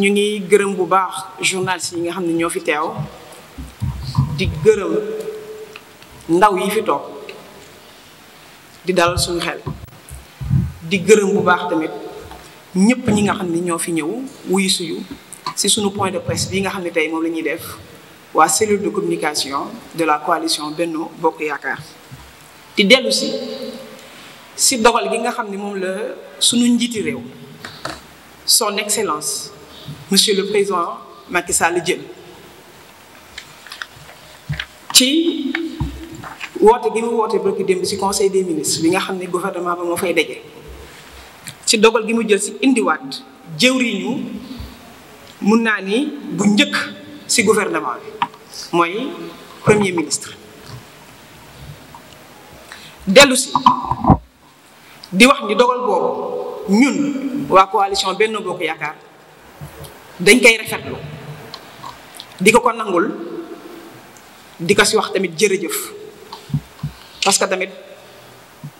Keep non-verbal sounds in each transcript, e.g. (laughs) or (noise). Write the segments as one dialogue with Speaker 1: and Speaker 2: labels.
Speaker 1: ñu ngi gërëm bu baax journaliste yi nga xam ne ñoo fi teew di gërëm ndaw yi fi toog di dalal suñu xel di gërëm bu baax tamit ñépp ñi nga xam ne ñoo fi ñëw wuyu suyu si suñu point de presse bii nga xam ne tey moom la ñuy def waa cellule de communication de la coalition Benno Bokk Yaakaar di dellusi si dogal gi nga xam ni moom la suñu njiiti réew son excellence monsieur le président Macky Sall jël ci woote gi mu woote bëgg démb ci conseil des ministres bi nga xam ne gouvernement ba moo fay daje ci dogal gi mu jël si indiwaat jëwriñu mun naa ni bu njëkk ci gouvernement bi mooy premier ministre dellu si di wax ni dogal boobu ñun waa coalition Benno Bokk Yaakaar dañ koy rafetlu di ko ko nangul di ko si wax tamit jërëjëf parce que tamit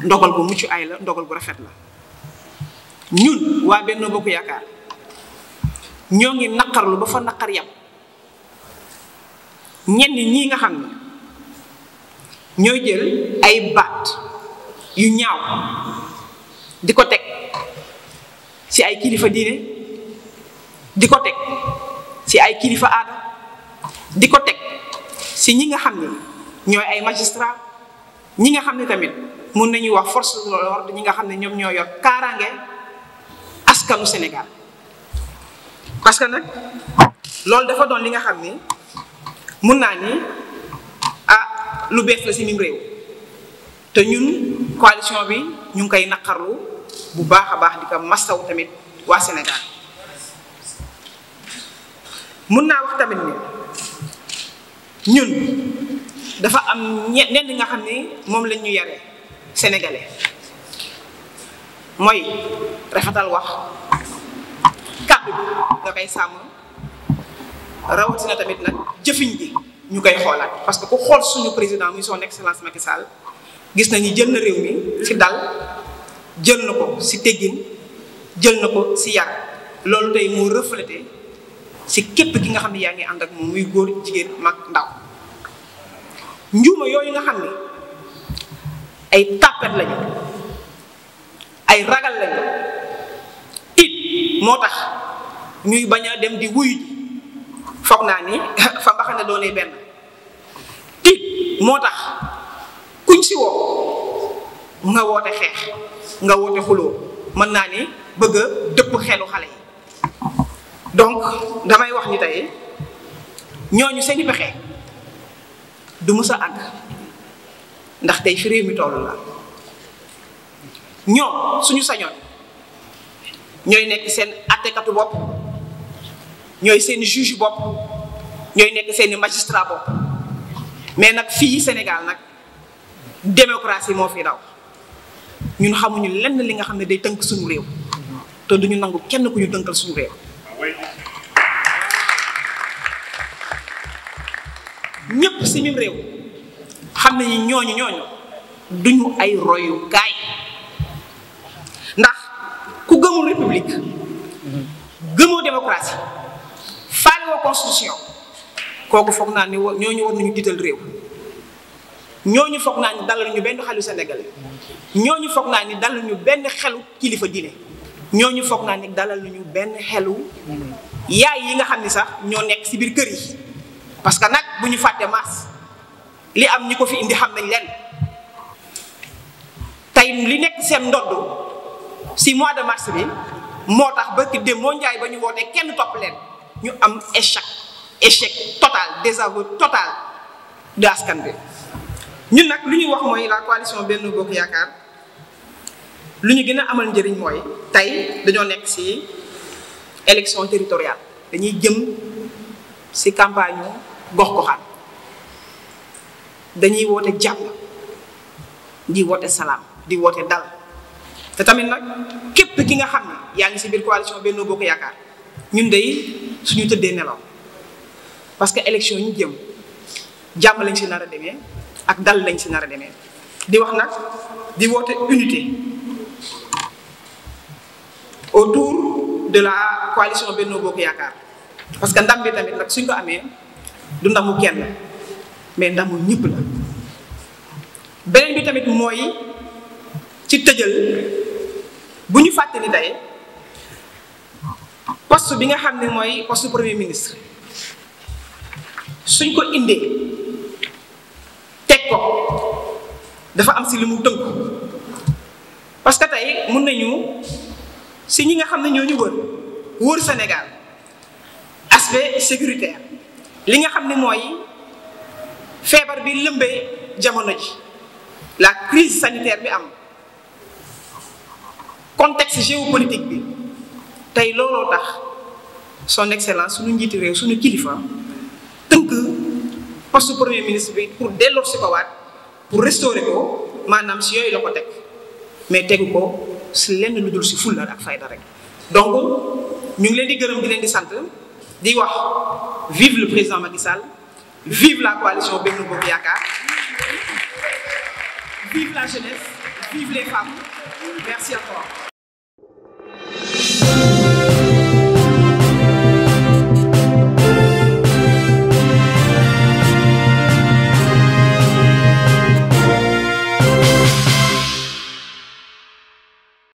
Speaker 1: ndogal bu mucc ay la ndogal bu rafet la ñun waa Benno Bokk Yaakaar ñoo ngi naqarlu ba fa naqar yam ñenn ñii nga xam ne ñooy jël ay baat yu ñaaw di ko teg ci ay kilifa diine di ko teg ci ay kilifa aada di ko teg si ñi nga xam ne ñooy ay magistrat ñi nga xam ne tamit mun nañu wax force de l'ordre ñi nga xam ne ñoom ñoo yor kaaraange askanu Sénégal parce que nag loolu dafa doon li nga xam ni mun naa ni ah lu bees la si mim réew te ñun coalition bi ñu ngi koy naqarlu bu baax a baax di ko massaw tamit waa Sénégal mun naa wax tamit ni ñun dafa am ñenn nga xam ni moom lañ ñu yare sénégalais mooy rafetal wax kàddu bi nga koy sàmm na tamit nag jëfiñ bi ñu koy xoolaat parce que ku xool suñu président muy son excellence Macky Sall gis nañu jël na réew mi ci dal jël na ko ci teggin jël na ko ci yar loolu tey moo reflété ci képp ki nga xam ne yaa ngi ànd ak moom muy góor jigéen mag ndaw njuuma yooyu nga xam ne ay tàppet lañu ay ragal lañu moo tax ñuy bañ a dem di wuy ji foog naa ni (laughs) fa mbaxane doonee benn tiit moo tax kuñ si woo nga woote xeex nga woote xuloo mën naa ni bëgg a dëpp xelu xale yi donc damay wax ni tey ñooñu seeni pexe du mës a àgg ndax tey fi réew mi toll la ñoom suñu sañoon ñooy nekk seen attekatu bopp ñooy seen juge bopp ñooy nekk seen magistrat bopp mais nag fii Sénégal nag démocratie moo fi daw ñun xamuñu lenn li nga xam ne day tënk suñu réew te duñu nangu kenn ku ñu dënkal suñu réew ñépp si mim réew xam nañu ñooñu ñooñu duñu ay royukaay république gëmoo démocratie faalewoo constitution kooku foog naa ni ñooñu war nañu diital réew ñooñu foog naa ni dalal ñu benn xelu ñoo ñu foog naa ni dalal ñu benn xelu kilifa ñoo ñu foog naa ni dalal nañu benn xelu yaay yi nga xam ni sax ñoo nekk ci biir kër yi parce que nag bu ñu fàtte mars li am ñi ko fi indi xam nañ leen tey li nekk seen ndodd ci mois de mars bi moo tax ba ki dem moo njaay ba ñu wootee kenn topp leen ñu am échec échec total désaveu total de askan bi ñun nag lu ñuy wax mooy la coalition benn Bokk Yaakaar lu ñu gën a amal njëriñ mooy tey dañoo nekk ci élection territoriale dañuy jëm ci campagne gox goxaan dañuy woote jàmm di woote salaam di woote dal te tamit nag képp ki nga xam ne yaa ngi si biir coalition Benno Bokk Yaakaar ñun de suñu tëddee nelaw parce que élection ñu jëm jàmm lañ si nar a demee ak dal lañ si nar a demee di wax nag di woote unité autour de la coalition Benno Bokk Yaakaar parce que ndam bi tamit nag suñ ko amee du ndamu kenn mais ndamu ñëpp la beneen bi tamit mooy ci tëjal. bu ñu fàttali tey poste bi nga xam ne mooy poste premier ministre suñ ko indee teg ko dafa am si li mu tënk parce que tey mun nañu si ñi nga xam ne ñoo ñu wër wër Sénégal aspect sécuritaire li nga xam ne mooy feebar bi lëmbee jamono ji la crise sanitaire bi am. contexte géopolitique bi tey looloo tax son excellence suñu njiiti réew suñu kilifa tënk poste premier ministre bi pour delloo si ko waat pour restaurer ko maanaam si yooyu la ko teg mais tegu ko si lenn lu dul si fulla ak fayda rek donc ñu ngi leen di gërëm di leen di sant di wax vive le président Macky vive la coalition Benno Bokk Yaakaar vive la jeunesse vive les femmes merci à Thank you.